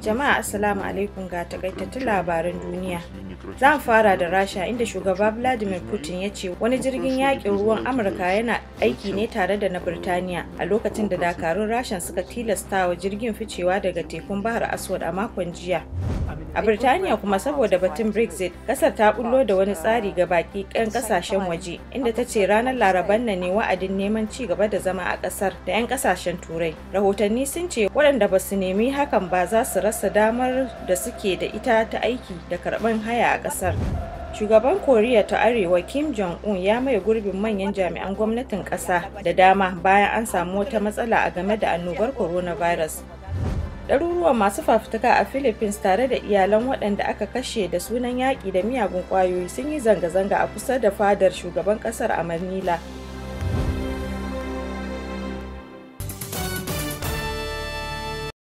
Jama'a Assalamu alaikum ga takaitattun labaran duniya. Zan fara da Rasha inda shugaba Vladimir Putin ya ce wani jirgin yakin ruwan Amurka yana aiki ne tare da na Birtaniya a lokacin da dakarun rashan suka tilastawa jirgin ficewa daga tekun Bahar Aswad a makon jiya. A Birtaniya kuma saboda batun Brexit, kasar ta bullo da wani tsari ga baki kan kasashen waje, inda ta ce ranar Laraban nan ne wa'adin neman ci gaba da zama a kasar da 'yan kasashen Turai. Rahotanni sun ce waɗanda ba su nemi hakan ba za su rasa damar da suke da ita ta aiki da karɓar haya a kasar. shugaban koriya ta arewa kim jong-un ya mai gurbin manyan jami'an gwamnatin ƙasa da dama bayan an samu wata matsala a game da annobar coronavirus ɗaruruwan masu fafutuka a philippines tare da iyalan waɗanda aka kashe da sunan yaƙi da miyagun ƙwayoyi sun yi zanga-zanga a kusa da fadar shugaban ƙasar a manila